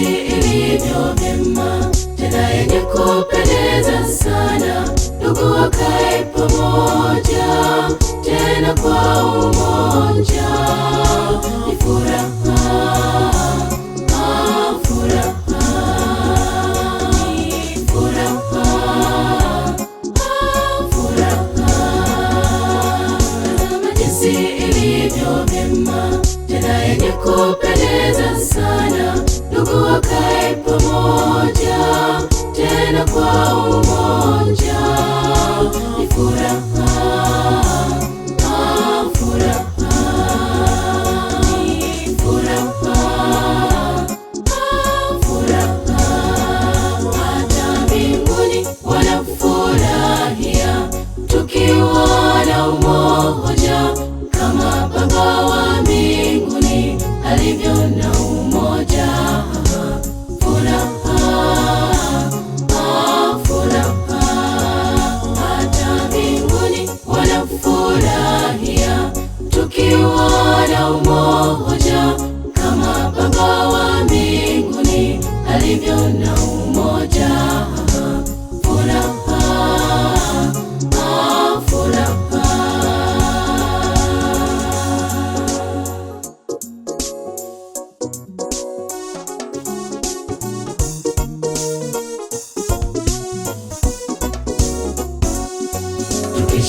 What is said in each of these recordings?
jinsi ilivyo vyema tena yenye kupendeza sana. pamoja tena kwa umoja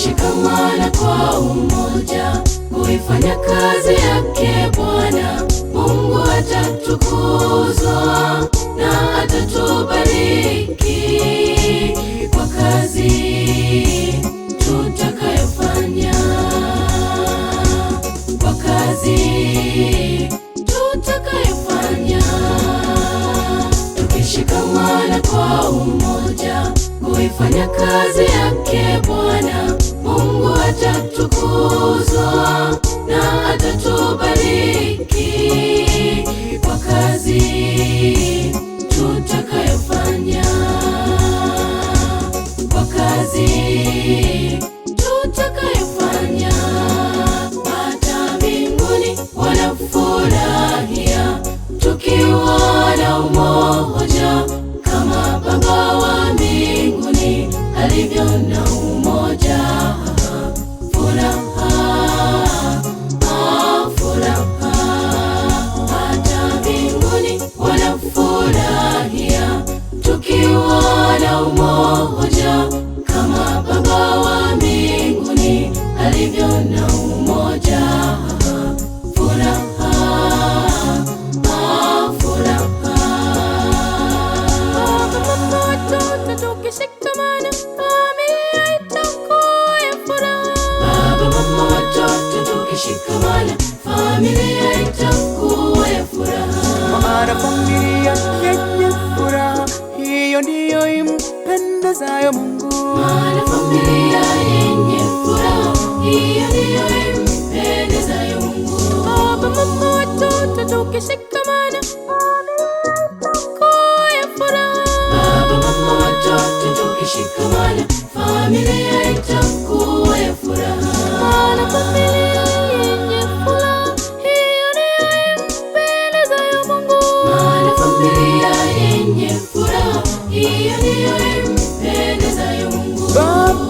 Shikamana kwa umoja, kuifanya kazi yake Bwana. Mungu atatukuzwa na atatubariki kwa kazi tutakayofanya, kwa kazi tutakayofanya, tukishikamana kwa umoja, kuifanya kazi yake Bwana. ikishikamana, familia itakuwa ya furaha. Maana familia yenye furaha, hiyo ndiyo impendezayo Mungu. Maana familia yenye furaha, hiyo ndiyo impendezayo Mungu. Baba, mama, watoto tukishikamana Baba, mama, watoto tukishikamana, familia itakuwa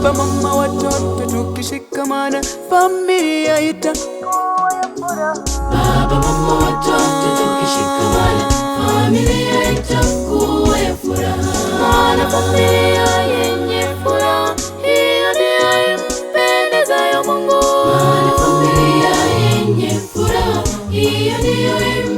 baba, mama, watoto tukishikamana, familia ita Baba, mama, watoto tukishikamana, familia familia yenye furaha hiyo ndiyo impendezayo familia yenye hiyo